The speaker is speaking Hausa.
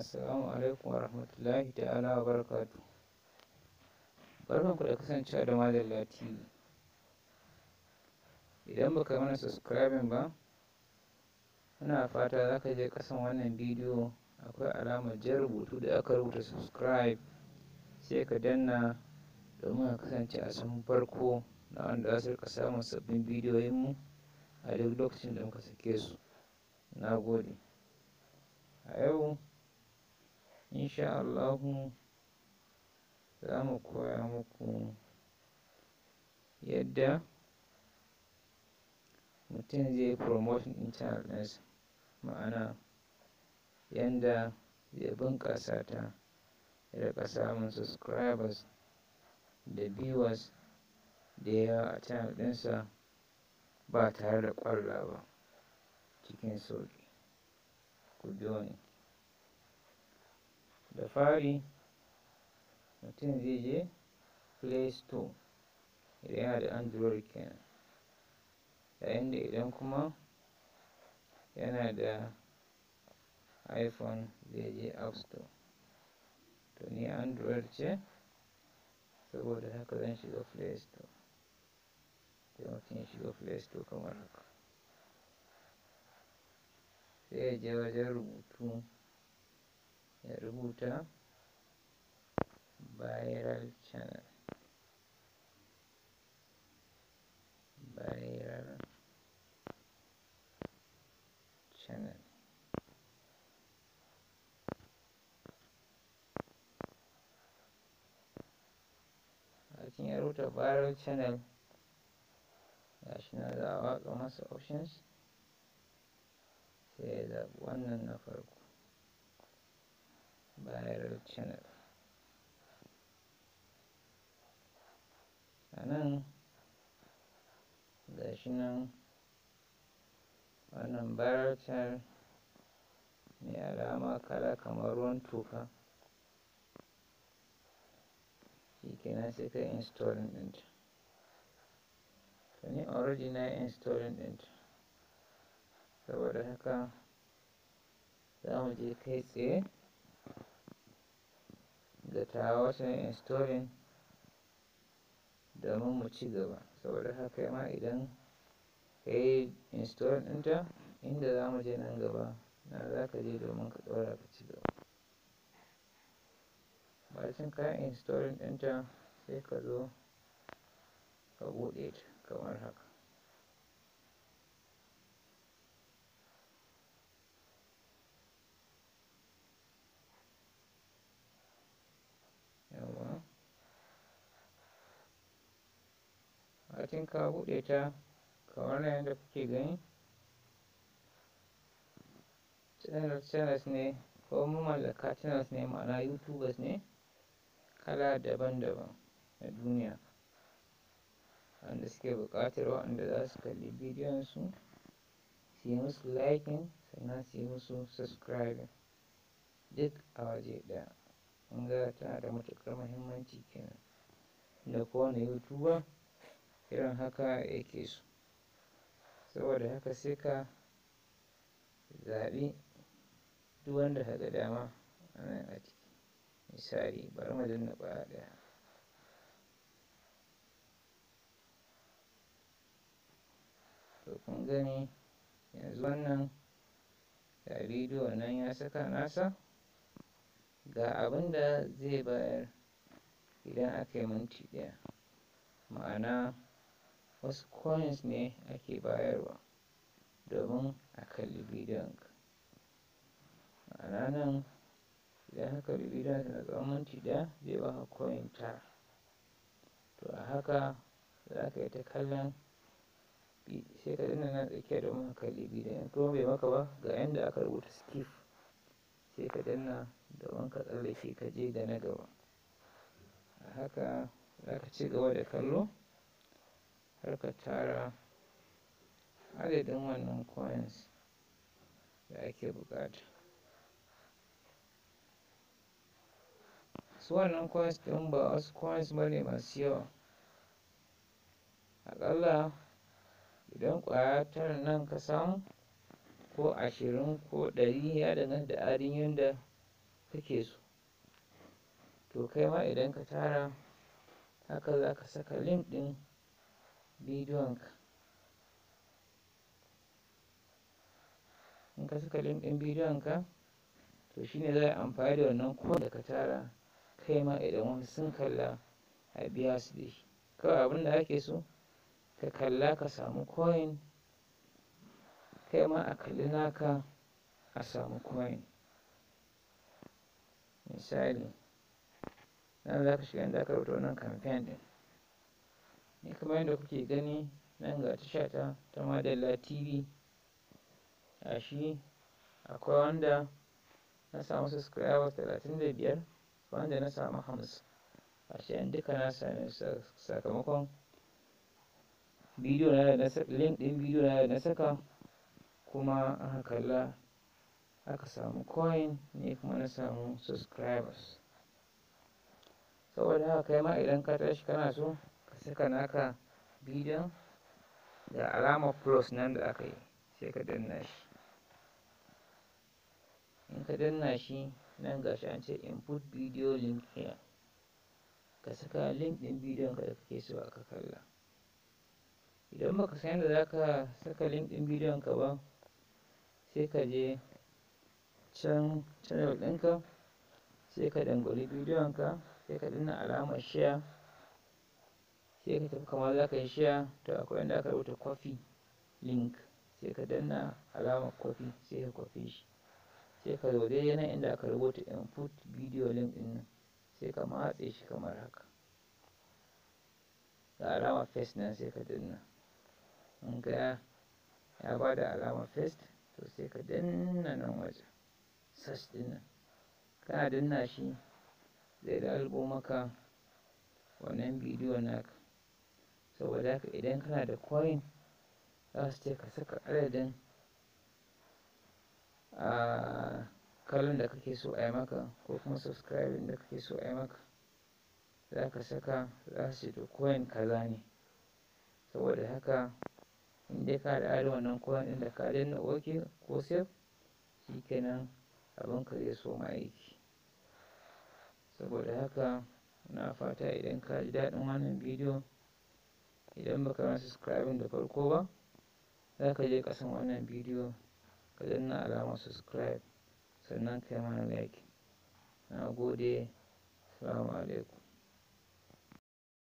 Assalamu alaikum wa rahmatullahi ta'ala wa barakatu. Barkanku da kasance da Madalla TV. Idan baka mana subscribing ba, muna fata za ka je kasan wannan bidiyo akwai alamar jan rubutu da aka rubuta subscribe sai ka danna domin a kasance a sun farko na wanda za su rika samun sabbin bidiyoyinmu a duk lokacin da muka sake su. Na gode. A yau insha Allahu za mu koya muku yadda mutum zai promotion internet ma'ana yadda zai bunƙasa ta daga samun subscribers da viewers da yawa a channel ɗinsa ba tare da ƙwarra ba cikin sauƙi ku biyo ni da fari mutum zai je play store idan yana da android kenan yayin da idan kuma yana da iphone zai je app store to ni android ce saboda haka zan shiga play store sai mutum ya shiga play store kamar haka sai ya je wajen rubutu ya rubuta viral channel viral channel cikin ya rubuta viral channel gashi na za a watsa masa options sai ya zaɓi wannan na farko viral channel anan nan nan wannan viral channel mai alama kala kamar ruwan tuka shi kenan sai ka ɗinta to ni already na ɗinta saboda haka za mu je kai tsaye da ta wajen installing domin mu ci gaba saboda haka ma idan ka yi install ɗinta inda za mu je nan gaba na za ka je domin ka ɗora ka ci gaba bacin ka yi ɗinta sai ka zo ka buɗe kamar haka lokacin ka buɗe ta kamar yadda kuke gani channels ne ko mamallaka channels ne ma'ana youtubers ne kala daban-daban na duniya wanda suke buƙatar waɗanda za su kalli bidiyon su yi musu liking sannan su yi musu subscribing duk a waje ɗaya in ga tana da matuƙar muhimmanci kenan da kowane youtuber irin haka yake su saboda haka sai ka zaɓi duk wanda ka ga dama a nan a ciki misali bari mu danna ƙwaya ɗaya to kun gani yanzu wannan ga bidiyo nan ya saka nasa ga abin da zai bayar idan aka yi minti ɗaya ma'ana wasu coins ne ake bayarwa domin a kalli bidiyon ka a ranar idan ka kalli bidiyon na tsawon minti ɗaya zai baka coin tara to a haka za ka yi ta kallon sai ka dinga na tsakiya domin ka kalli bidiyon kuma bai maka ba ga yadda aka rubuta skif sai ka danna domin ka tsallake ka je da na gaba a haka za ka ci gaba da kallo har ka tara adadin wannan coins da ake buƙata su wannan coins ɗin ba wasu coins ba ne masu yawa ƙalla, idan kwaya tara nan ka samu ko ashirin ko ɗari ya danganta da adin yadda kake so to kai ma idan ka tara haka za ka saka link ɗin bidiyonka in ka saka link bidiyonka to shine za a amfani da wannan kod da ka tara kai ma idan wani sun kalla a biya su dai kawai abin da ake so ka kalla ka samu coin kai ma a kalli naka a samu coin misali nan za ka shiga inda aka rubuta wannan campaign din. kamar yadda kuke gani nan ga tasha ta ta Madalla TV shi akwai wanda na samu subscribers talatin da biyar wanda na samu hamsin shi yan duka na sami sakamakon da link din bidiyo na da na saka kuma aka kalla aka samu coin ne kuma na samu subscribers saboda haka kai ma idan ka tashi kana so sai ka naka bidiyon da alamar plus nan da aka yi sai ka danna shi in ka danna shi nan gashi an ce input video link here ka saka link ɗin bidiyon ka da kake so aka kalla idan baka san yadda za ka saka link ɗin bidiyon ka ba sai ka je can channel ɗinka sai ka dangwali bidiyon ka sai ka danna alamar share sai ka tafi kamar za ka yi share to akwai wanda aka rubuta copy link sai ka danna alamar copy sai ka kwafi shi sai ka zo dai yana inda aka rubuta input video link din nan sai ka matse shi kamar haka da alamar first nan sai ka danna in ga ya ba da alamar first to sai ka danna nan waje search din nan kana danna shi zai dalbo maka wannan bidiyo naka saboda haka idan kana da coin za su ce ka saka adadin a kalin da kake so a yi maka ko kuma subscribing da kake so a yi maka za ka saka za su ce coin kaza ne saboda haka in dai ka da wannan coin ɗin da ka danna ok ko shi shikenan abin ka zai so ma aiki saboda haka na fata idan ka ji daɗin wannan bidiyo idan baka ran subscribing da farko ba za ka je kasan wannan bidiyo ka danna alamar subscribe sannan ka mana like na gode salamu alaikum